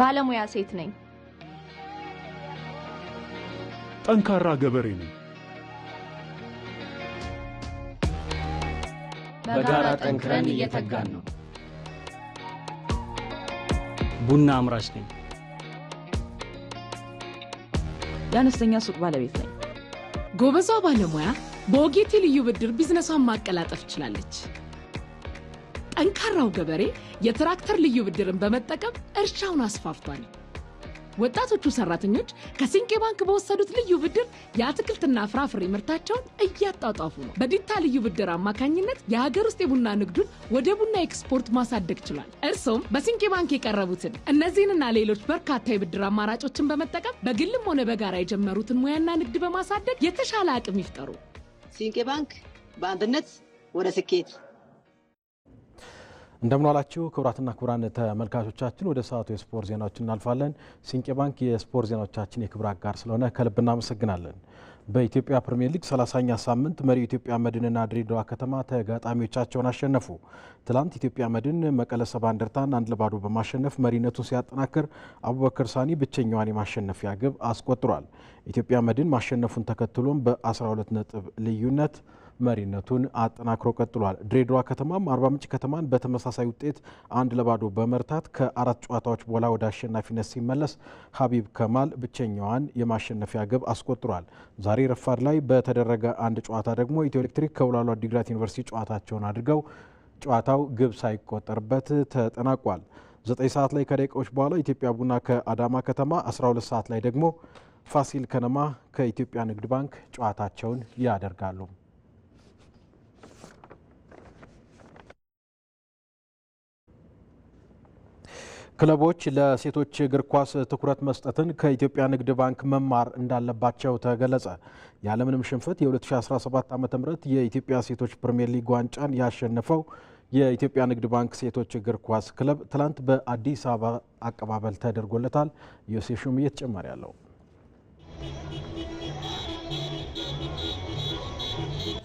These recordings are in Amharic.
ባለሙያ ሴት ነኝ። ጠንካራ ገበሬ ነኝ። በጋራ ጠንክረን እየተጋን ነው። ቡና አምራች ነኝ። የአነስተኛ ሱቅ ባለቤት ነኝ። ጎበዟ ባለሙያ በኦጌቴ ልዩ ብድር ቢዝነሷን ማቀላጠፍ ትችላለች። ጠንካራው ገበሬ የትራክተር ልዩ ብድርን በመጠቀም እርሻውን አስፋፍቷል። ወጣቶቹ ሰራተኞች ከሲንቄ ባንክ በወሰዱት ልዩ ብድር የአትክልትና ፍራፍሬ ምርታቸውን እያጣጣፉ ነው። በዲታ ልዩ ብድር አማካኝነት የሀገር ውስጥ የቡና ንግዱን ወደ ቡና ኤክስፖርት ማሳደግ ችሏል። እርስዎም በሲንቄ ባንክ የቀረቡትን እነዚህንና ሌሎች በርካታ የብድር አማራጮችን በመጠቀም በግልም ሆነ በጋራ የጀመሩትን ሙያና ንግድ በማሳደግ የተሻለ አቅም ይፍጠሩ። ሲንቄ ባንክ በአንድነት ወደ ስኬት እንደምን ዋላችሁ ክቡራትና ክቡራን ተመልካቾቻችን፣ ወደ ሰዓቱ የስፖርት ዜናዎች እናልፋለን። ሲንቄ ባንክ የስፖርት ዜናዎቻችን የክብር አጋር ስለሆነ ከልብ እናመሰግናለን። በኢትዮጵያ ፕሪምየር ሊግ 30ኛ ሳምንት መሪው ኢትዮጵያ መድንና ድሬዳዋ ከተማ ተጋጣሚዎቻቸውን አሸነፉ። ትላንት ኢትዮጵያ መድን መቀለ ሰባ እንደርታን አንድ ለባዶ በማሸነፍ መሪነቱን ሲያጠናክር አቡበከር ሳኒ ብቸኛዋን የማሸነፊያ ግብ አስቆጥሯል። ኢትዮጵያ መድን ማሸነፉን ተከትሎም በ12 ነጥብ ልዩነት መሪነቱን አጠናክሮ ቀጥሏል። ድሬዳዋ ከተማም አርባ ምንጭ ከተማን በተመሳሳይ ውጤት አንድ ለባዶ በመርታት ከአራት ጨዋታዎች በኋላ ወደ አሸናፊነት ሲመለስ ሀቢብ ከማል ብቸኛዋን የማሸነፊያ ግብ አስቆጥሯል። ዛሬ ረፋድ ላይ በተደረገ አንድ ጨዋታ ደግሞ ኢትዮ ኤሌክትሪክ ከውላሉ አዲግራት ዩኒቨርሲቲ ጨዋታቸውን አድርገው ጨዋታው ግብ ሳይቆጠርበት ተጠናቋል። ዘጠኝ ሰዓት ላይ ከደቂቃዎች በኋላ ኢትዮጵያ ቡና ከአዳማ ከተማ፣ 12 ሰዓት ላይ ደግሞ ፋሲል ከነማ ከኢትዮጵያ ንግድ ባንክ ጨዋታቸውን ያደርጋሉ። ክለቦች ለሴቶች እግር ኳስ ትኩረት መስጠትን ከኢትዮጵያ ንግድ ባንክ መማር እንዳለባቸው ተገለጸ። ያለምንም ሽንፈት የ2017 ዓ ም የኢትዮጵያ ሴቶች ፕሪምየር ሊግ ዋንጫን ያሸነፈው የኢትዮጵያ ንግድ ባንክ ሴቶች እግር ኳስ ክለብ ትላንት በአዲስ አበባ አቀባበል ተደርጎለታል። ዮሴፍ ሹምዬ ተጨማሪ አለው።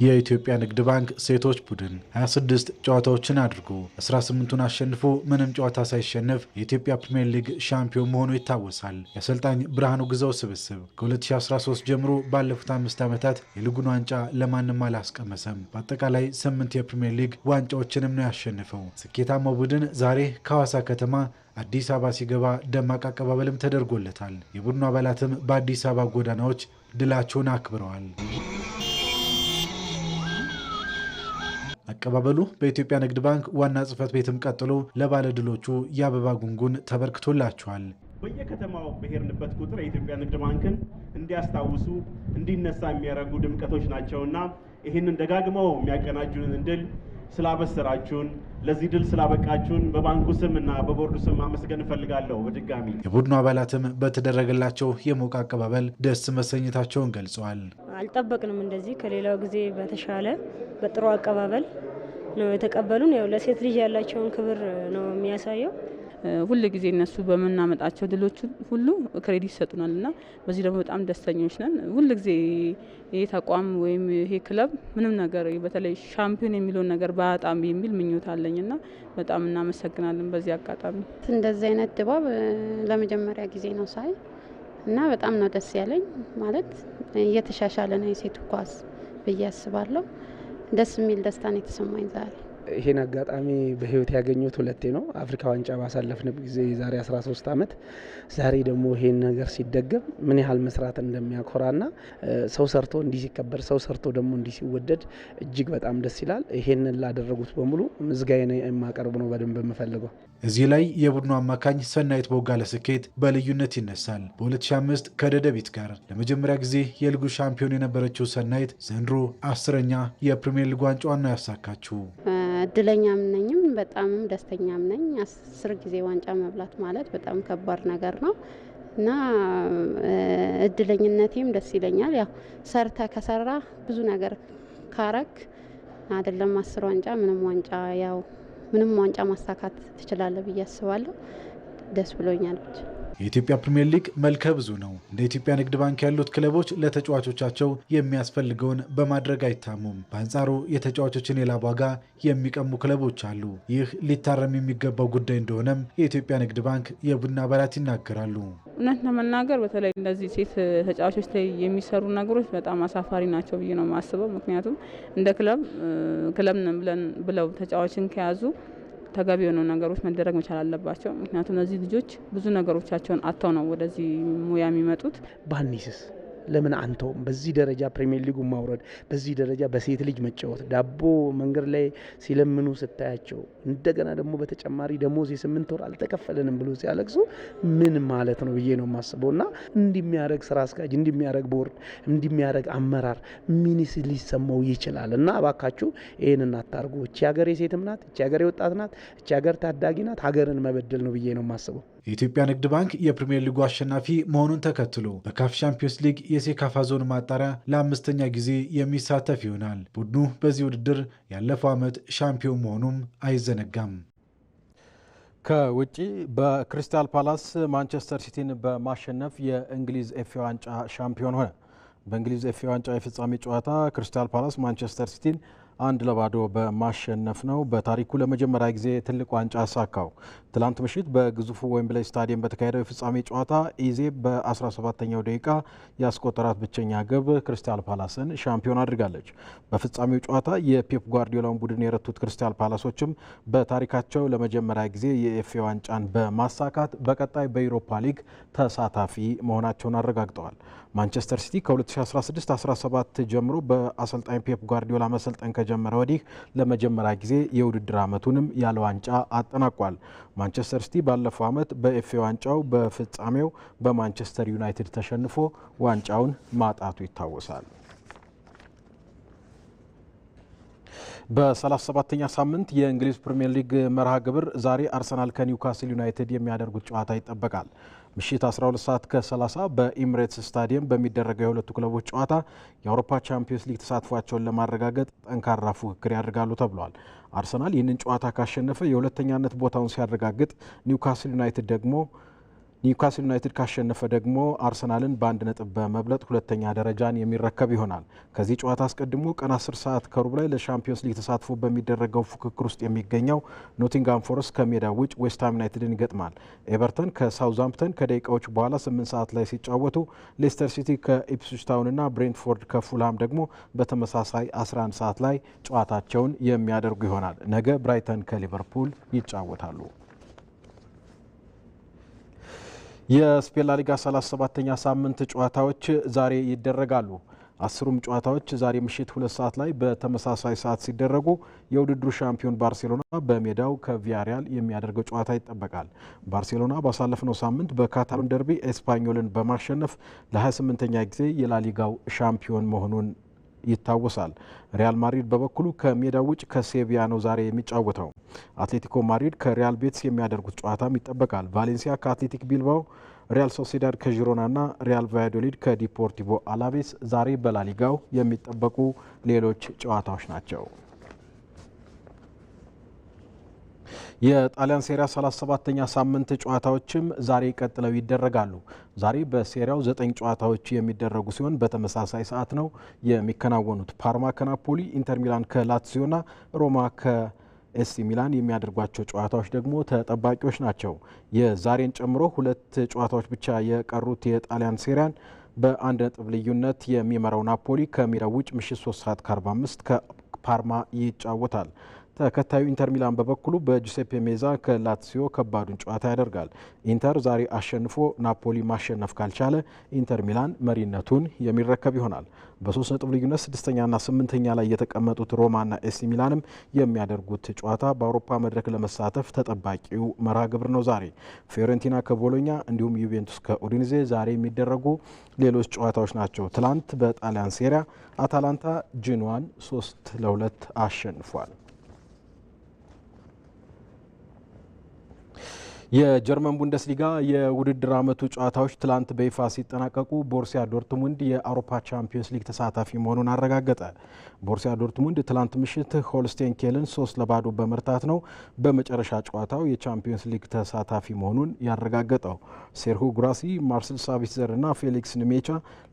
የኢትዮጵያ ንግድ ባንክ ሴቶች ቡድን 26 ጨዋታዎችን አድርጎ 18ቱን አሸንፎ ምንም ጨዋታ ሳይሸነፍ የኢትዮጵያ ፕሪምየር ሊግ ሻምፒዮን መሆኑ ይታወሳል። የአሰልጣኝ ብርሃኑ ግዛው ስብስብ ከ2013 ጀምሮ ባለፉት አምስት ዓመታት የሊጉን ዋንጫ ለማንም አላስቀመሰም። በአጠቃላይ ስምንት የፕሪምየር ሊግ ዋንጫዎችንም ነው ያሸንፈው። ስኬታማው ቡድን ዛሬ ከሐዋሳ ከተማ አዲስ አበባ ሲገባ ደማቅ አቀባበልም ተደርጎለታል። የቡድኑ አባላትም በአዲስ አበባ ጎዳናዎች ድላቸውን አክብረዋል። አቀባበሉ በኢትዮጵያ ንግድ ባንክ ዋና ጽህፈት ቤትም ቀጥሎ ለባለድሎቹ የአበባ ጉንጉን ተበርክቶላቸዋል። በየከተማው በሄድንበት ቁጥር የኢትዮጵያ ንግድ ባንክን እንዲያስታውሱ እንዲነሳ የሚያደርጉ ድምቀቶች ናቸውና ይህንን ደጋግመው የሚያቀናጁንን ድል ስላበሰራችሁን ለዚህ ድል ስላበቃችሁን በባንኩ ስም እና በቦርዱ ስም ማመስገን እፈልጋለሁ። በድጋሚ የቡድኑ አባላትም በተደረገላቸው የሞቀ አቀባበል ደስ መሰኘታቸውን ገልጸዋል። አልጠበቅንም። እንደዚህ ከሌላው ጊዜ በተሻለ በጥሩ አቀባበል ነው የተቀበሉን። ያው ለሴት ልጅ ያላቸውን ክብር ነው የሚያሳየው። ሁል ጊዜ እነሱ በምናመጣቸው ድሎች ሁሉ ክሬዲት ይሰጡናል እና በዚህ ደግሞ በጣም ደስተኞች ነን። ሁል ጊዜ ይሄ ተቋም ወይም ይሄ ክለብ ምንም ነገር በተለይ ሻምፒዮን የሚለውን ነገር በጣም የሚል ምኞት አለኝ እና በጣም እናመሰግናለን። በዚህ አጋጣሚ እንደዚህ አይነት ድባብ ለመጀመሪያ ጊዜ ነው ሳይ እና በጣም ነው ደስ ያለኝ። ማለት እየተሻሻለ ነው የሴቱ ኳስ ብዬ አስባለሁ። ደስ የሚል ደስታ ነው የተሰማኝ ዛሬ። ይሄን አጋጣሚ በህይወት ያገኘሁት ሁለቴ ነው። አፍሪካ ዋንጫ ባሳለፍን ጊዜ የዛሬ 13 ዓመት፣ ዛሬ ደግሞ ይሄን ነገር ሲደገም ምን ያህል መስራት እንደሚያኮራና ሰው ሰርቶ እንዲህ ሲከበር፣ ሰው ሰርቶ ደግሞ እንዲህ ሲወደድ እጅግ በጣም ደስ ይላል። ይሄንን ላደረጉት በሙሉ ምዝጋና የማቀርብ ነው በደንብ የምፈልገው። እዚህ ላይ የቡድኑ አማካኝ ሰናይት ቦጋለ ስኬት በልዩነት ይነሳል። በ2005 ከደደቢት ጋር ለመጀመሪያ ጊዜ የልጉ ሻምፒዮን የነበረችው ሰናይት ዘንድሮ አስረኛ የፕሪምየር ሊግ ዋንጫዋን ነው ያሳካችው። እድለኛም ነኝም በጣምም ደስተኛም ነኝ። አስር ጊዜ ዋንጫ መብላት ማለት በጣም ከባድ ነገር ነው እና እድለኝነቴም ደስ ይለኛል። ያው ሰርተ ከሰራ ብዙ ነገር ካረክ አይደለም አስር ዋንጫ ምንም ዋንጫ ያው ምንም ዋንጫ ማሳካት ትችላለህ ብዬ አስባለሁ። ደስ ብሎኛል ብቻ የኢትዮጵያ ፕሪምየር ሊግ መልከ ብዙ ነው። እንደ ኢትዮጵያ ንግድ ባንክ ያሉት ክለቦች ለተጫዋቾቻቸው የሚያስፈልገውን በማድረግ አይታሙም። በአንጻሩ የተጫዋቾችን የላብ ዋጋ የሚቀሙ ክለቦች አሉ። ይህ ሊታረም የሚገባው ጉዳይ እንደሆነም የኢትዮጵያ ንግድ ባንክ የቡድን አባላት ይናገራሉ። እውነት ለመናገር በተለይ እንደዚህ ሴት ተጫዋቾች ላይ የሚሰሩ ነገሮች በጣም አሳፋሪ ናቸው ብዬ ነው የማስበው። ምክንያቱም እንደ ክለብ ክለብ ብለን ብለው ተጫዋችን ከያዙ ተገቢ የሆኑ ነገሮች መደረግ መቻል አለባቸው። ምክንያቱም እነዚህ ልጆች ብዙ ነገሮቻቸውን አጥተው ነው ወደዚህ ሙያ የሚመጡት። ባኒስስ ለምን አንተውም? በዚህ ደረጃ ፕሪሚየር ሊጉን ማውረድ፣ በዚህ ደረጃ በሴት ልጅ መጫወት፣ ዳቦ መንገድ ላይ ሲለምኑ ስታያቸው፣ እንደገና ደግሞ በተጨማሪ ደሞዝ የስምንት ወር አልተከፈለንም ብሎ ሲያለቅሱ ምን ማለት ነው ብዬ ነው የማስበው። እና እንዲሚያደረግ ስራ አስኪያጅ፣ እንዲሚያደረግ ቦርድ፣ እንዲሚያደረግ አመራር ሚኒስ ሊሰማው ይችላል። እና እባካችሁ ይህን እናታርጉ። እቺ ሀገር የሴትም ናት፣ እቺ ሀገር የወጣት ናት፣ እቺ ሀገር ታዳጊ ናት። ሀገርን መበደል ነው ብዬ ነው የማስበው። የኢትዮጵያ ንግድ ባንክ የፕሪምየር ሊጉ አሸናፊ መሆኑን ተከትሎ በካፍ ሻምፒዮንስ ሊግ የሴካፋ ዞን ማጣሪያ ለአምስተኛ ጊዜ የሚሳተፍ ይሆናል። ቡድኑ በዚህ ውድድር ያለፈው ዓመት ሻምፒዮን መሆኑም አይዘነጋም። ከውጪ በክሪስታል ፓላስ ማንቸስተር ሲቲን በማሸነፍ የእንግሊዝ ኤፍ ዋንጫ ሻምፒዮን ሆነ። በእንግሊዝ ኤፍ ዋንጫ የፍጻሜ ጨዋታ ክሪስታል ፓላስ ማንቸስተር ሲቲን አንድ ለባዶ በማሸነፍ ነው በታሪኩ ለመጀመሪያ ጊዜ ትልቅ ዋንጫ አሳካው። ትላንት ምሽት በግዙፉ ዌምብሌይ ስታዲየም በተካሄደው የፍጻሜ ጨዋታ ኢዜ በ17ኛው ደቂቃ ያስቆጠራት ብቸኛ ግብ ክሪስታል ፓላስን ሻምፒዮን አድርጋለች። በፍጻሜው ጨዋታ የፔፕ ጓርዲዮላውን ቡድን የረቱት ክሪስታል ፓላሶችም በታሪካቸው ለመጀመሪያ ጊዜ የኤፍኤ ዋንጫን በማሳካት በቀጣይ በዩሮፓ ሊግ ተሳታፊ መሆናቸውን አረጋግጠዋል። ማንቸስተር ሲቲ ከ2016 17 ጀምሮ በአሰልጣኝ ፔፕ ጓርዲዮላ መሰልጠን ከጀመረ ወዲህ ለመጀመሪያ ጊዜ የውድድር ዓመቱንም ያለ ዋንጫ አጠናቋል። ማንቸስተር ሲቲ ባለፈው ዓመት በኤፍኤ ዋንጫው በፍጻሜው በማንቸስተር ዩናይትድ ተሸንፎ ዋንጫውን ማጣቱ ይታወሳል። በ37ኛ ሳምንት የእንግሊዝ ፕሪምየር ሊግ መርሃ ግብር ዛሬ አርሰናል ከኒውካስል ዩናይትድ የሚያደርጉት ጨዋታ ይጠበቃል። ምሽት 12 ሰዓት ከ30 በኢምሬትስ ስታዲየም በሚደረገው የሁለቱ ክለቦች ጨዋታ የአውሮፓ ቻምፒዮንስ ሊግ ተሳትፏቸውን ለማረጋገጥ ጠንካራ ፉክክር ያደርጋሉ ተብሏል። አርሰናል ይህንን ጨዋታ ካሸነፈ የሁለተኛነት ቦታውን ሲያረጋግጥ፣ ኒውካስል ዩናይትድ ደግሞ ኒውካስል ዩናይትድ ካሸነፈ ደግሞ አርሰናልን በአንድ ነጥብ በመብለጥ ሁለተኛ ደረጃን የሚረከብ ይሆናል። ከዚህ ጨዋታ አስቀድሞ ቀን 10 ሰዓት ከሩብ ላይ ለሻምፒዮንስ ሊግ ተሳትፎ በሚደረገው ፉክክር ውስጥ የሚገኘው ኖቲንጋም ፎረስት ከሜዳ ውጭ ዌስትሃም ዩናይትድን ይገጥማል። ኤቨርተን ከሳውዝሃምፕተን ከደቂቃዎች በኋላ 8 ሰዓት ላይ ሲጫወቱ፣ ሌስተር ሲቲ ከኢፕስዊች ታውንና ብሬንትፎርድ ከፉልሃም ደግሞ በተመሳሳይ 11 ሰዓት ላይ ጨዋታቸውን የሚያደርጉ ይሆናል። ነገ ብራይተን ከሊቨርፑል ይጫወታሉ። የስፔን ላሊጋ 37ኛ ሳምንት ጨዋታዎች ዛሬ ይደረጋሉ። አስሩም ጨዋታዎች ዛሬ ምሽት ሁለት ሰዓት ላይ በተመሳሳይ ሰዓት ሲደረጉ የውድድሩ ሻምፒዮን ባርሴሎና በሜዳው ከቪያሪያል የሚያደርገው ጨዋታ ይጠበቃል። ባርሴሎና ባሳለፍነው ሳምንት በካታሎን ደርቢ ኤስፓኞልን በማሸነፍ ለ28ኛ ጊዜ የላሊጋው ሻምፒዮን መሆኑን ይታወሳል። ሪያል ማድሪድ በበኩሉ ከሜዳ ውጭ ከሴቪያ ነው ዛሬ የሚጫወተው። አትሌቲኮ ማድሪድ ከሪያል ቤትስ የሚያደርጉት ጨዋታም ይጠበቃል። ቫሌንሲያ ከአትሌቲክ ቢልባው፣ ሪያል ሶሴዳድ ከዢሮና ና ሪያል ቫያዶሊድ ከዲፖርቲቮ አላቤስ ዛሬ በላሊጋው የሚጠበቁ ሌሎች ጨዋታዎች ናቸው። የጣሊያን ሴሪያ 37ኛ ሳምንት ጨዋታዎችም ዛሬ ቀጥለው ይደረጋሉ። ዛሬ በሴሪያው ዘጠኝ ጨዋታዎች የሚደረጉ ሲሆን በተመሳሳይ ሰዓት ነው የሚከናወኑት። ፓርማ ከናፖሊ፣ ኢንተር ሚላን ና ሮማ ከ ኤሲ ሚላን የሚያደርጓቸው ጨዋታዎች ደግሞ ተጠባቂዎች ናቸው። የዛሬን ጨምሮ ሁለት ጨዋታዎች ብቻ የቀሩት የጣሊያን ሴሪያን በአንድ ነጥብ ልዩነት የሚመራው ናፖሊ ከሜዳው ውጭ ምሽት 3 ሰዓት ከ45 ከፓርማ ይጫወታል። ተከታዩ ኢንተር ሚላን በበኩሉ በጁሴፔ ሜዛ ከላትሲዮ ከባዱን ጨዋታ ያደርጋል። ኢንተር ዛሬ አሸንፎ ናፖሊ ማሸነፍ ካልቻለ ኢንተር ሚላን መሪነቱን የሚረከብ ይሆናል። በሶስት ነጥብ ልዩነት ስድስተኛና ስምንተኛ ላይ የተቀመጡት ሮማና ኤሲ ሚላንም የሚያደርጉት ጨዋታ በአውሮፓ መድረክ ለመሳተፍ ተጠባቂው መርሃ ግብር ነው። ዛሬ ፊዮረንቲና ከቦሎኛ እንዲሁም ዩቬንቱስ ከኡዲንዜ ዛሬ የሚደረጉ ሌሎች ጨዋታዎች ናቸው። ትላንት በጣሊያን ሴሪያ አታላንታ ጅንዋን ሶስት ለሁለት አሸንፏል። የጀርመን ቡንደስሊጋ የውድድር ዓመቱ ጨዋታዎች ትላንት በይፋ ሲጠናቀቁ ቦርሲያ ዶርትሙንድ የአውሮፓ ቻምፒዮንስ ሊግ ተሳታፊ መሆኑን አረጋገጠ። ቦርሲያ ዶርትሙንድ ትላንት ምሽት ሆልስቴን ኬልን ሶስት ለባዶ በመርታት ነው በመጨረሻ ጨዋታው የቻምፒዮንስ ሊግ ተሳታፊ መሆኑን ያረጋገጠው። ሴርሁ ጉራሲ፣ ማርስል ሳቢትዘር እና ፌሊክስ ንሜቻ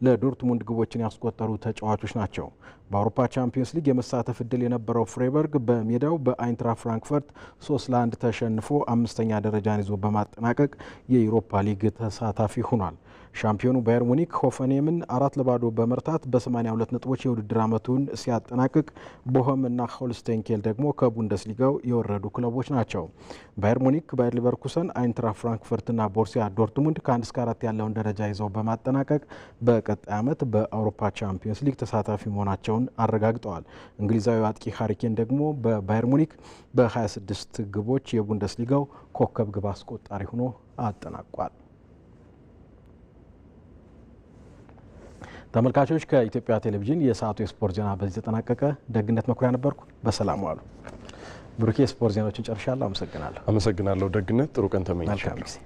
ለዶርትሙንድ ግቦችን ያስቆጠሩ ተጫዋቾች ናቸው። በአውሮፓ ቻምፒየንስ ሊግ የመሳተፍ እድል የነበረው ፍሬበርግ በሜዳው በአይንትራ ፍራንክፈርት ሶስት ለአንድ ተሸንፎ አምስተኛ ደረጃን ይዞ በማጠናቀቅ የዩሮፓ ሊግ ተሳታፊ ሆኗል። ሻምፒዮኑ ባየር ሙኒክ ሆፈኔምን አራት ለባዶ በመርታት በ82 ነጥቦች የውድድር ዓመቱን ሲያጠናቅቅ ቦሆም እና ሆልስቴንኬል ኬል ደግሞ ከቡንደስሊጋው የወረዱ ክለቦች ናቸው። ባየር ሙኒክ፣ ባየር ሊቨርኩሰን፣ አይንትራ ፍራንክፈርትና ቦርሲያ ዶርትሙንድ ከአንድ እስከ አራት ያለውን ደረጃ ይዘው በማጠናቀቅ በቀጣይ ዓመት በአውሮፓ ቻምፒዮንስ ሊግ ተሳታፊ መሆናቸውን አረጋግጠዋል። እንግሊዛዊ አጥቂ ሀሪኬን ደግሞ በባየር ሙኒክ በ26 ግቦች የቡንደስሊጋው ኮከብ ግብ አስቆጣሪ ሆኖ አጠናቋል። ተመልካቾች ከኢትዮጵያ ቴሌቪዥን የሰዓቱ የስፖርት ዜና በዚህ ተጠናቀቀ። ደግነት መኩሪያ ነበርኩ። በሰላም ዋሉ። ብሩኬ፣ የስፖርት ዜናዎችን ጨርሻለሁ። አመሰግናለሁ። አመሰግናለሁ ደግነት። ጥሩ ቀን ተመኝቻለሁ።